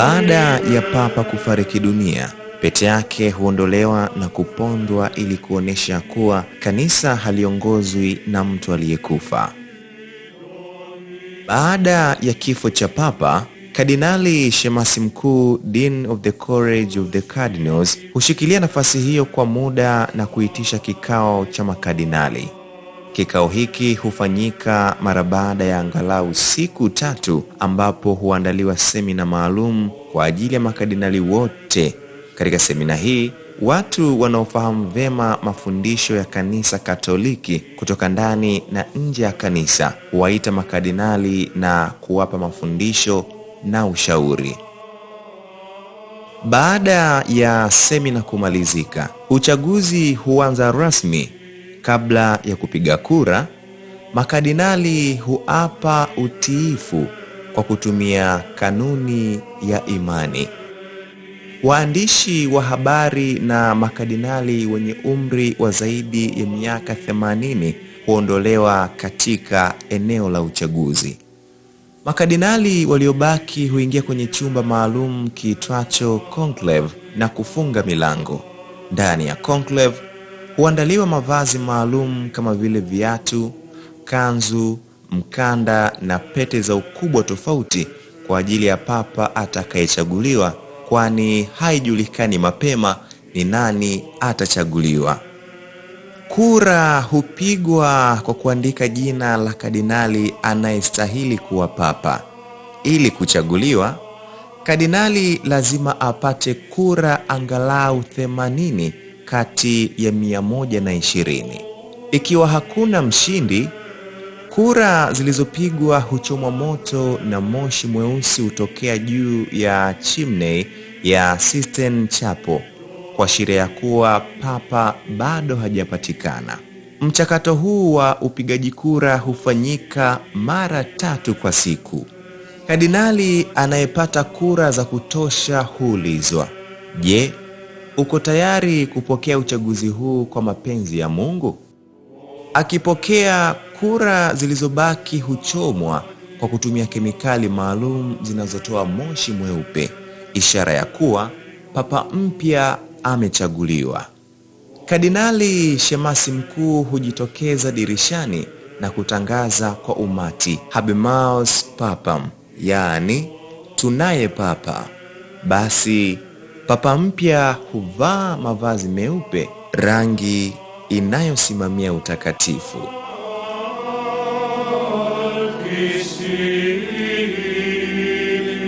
Baada ya papa kufariki dunia, pete yake huondolewa na kupondwa ili kuonesha kuwa kanisa haliongozwi na mtu aliyekufa. Baada ya kifo cha papa, Kardinali Shemasi Mkuu, Dean of the College of the Cardinals, hushikilia nafasi hiyo kwa muda na kuitisha kikao cha makardinali. Kikao hiki hufanyika mara baada ya angalau siku tatu ambapo huandaliwa semina maalum kwa ajili ya makadinali wote. Katika semina hii watu wanaofahamu vyema mafundisho ya Kanisa Katoliki kutoka ndani na nje ya kanisa huwaita makadinali na kuwapa mafundisho na ushauri. Baada ya semina kumalizika, uchaguzi huanza rasmi. Kabla ya kupiga kura, makadinali huapa utiifu kwa kutumia kanuni ya imani. Waandishi wa habari na makadinali wenye umri wa zaidi ya miaka 80 huondolewa katika eneo la uchaguzi. makadinali waliobaki huingia kwenye chumba maalum kiitwacho conclave na kufunga milango. Ndani ya conclave huandaliwa mavazi maalum kama vile viatu, kanzu mkanda na pete za ukubwa tofauti kwa ajili ya papa atakayechaguliwa, kwani haijulikani mapema ni nani atachaguliwa. Kura hupigwa kwa kuandika jina la kardinali anayestahili kuwa papa. Ili kuchaguliwa, kardinali lazima apate kura angalau 80 kati ya 120. Ikiwa hakuna mshindi Kura zilizopigwa huchomwa moto na moshi mweusi hutokea juu ya chimney ya Sistine Chapel kuashiria ya kuwa papa bado hajapatikana. Mchakato huu wa upigaji kura hufanyika mara tatu kwa siku. Kardinali anayepata kura za kutosha huulizwa, je, uko tayari kupokea uchaguzi huu kwa mapenzi ya Mungu? Akipokea Kura zilizobaki huchomwa kwa kutumia kemikali maalum zinazotoa moshi mweupe, ishara ya kuwa papa mpya amechaguliwa. Kardinali shemasi mkuu hujitokeza dirishani na kutangaza kwa umati, Habemus Papam, yaani tunaye papa. Basi papa mpya huvaa mavazi meupe, rangi inayosimamia utakatifu.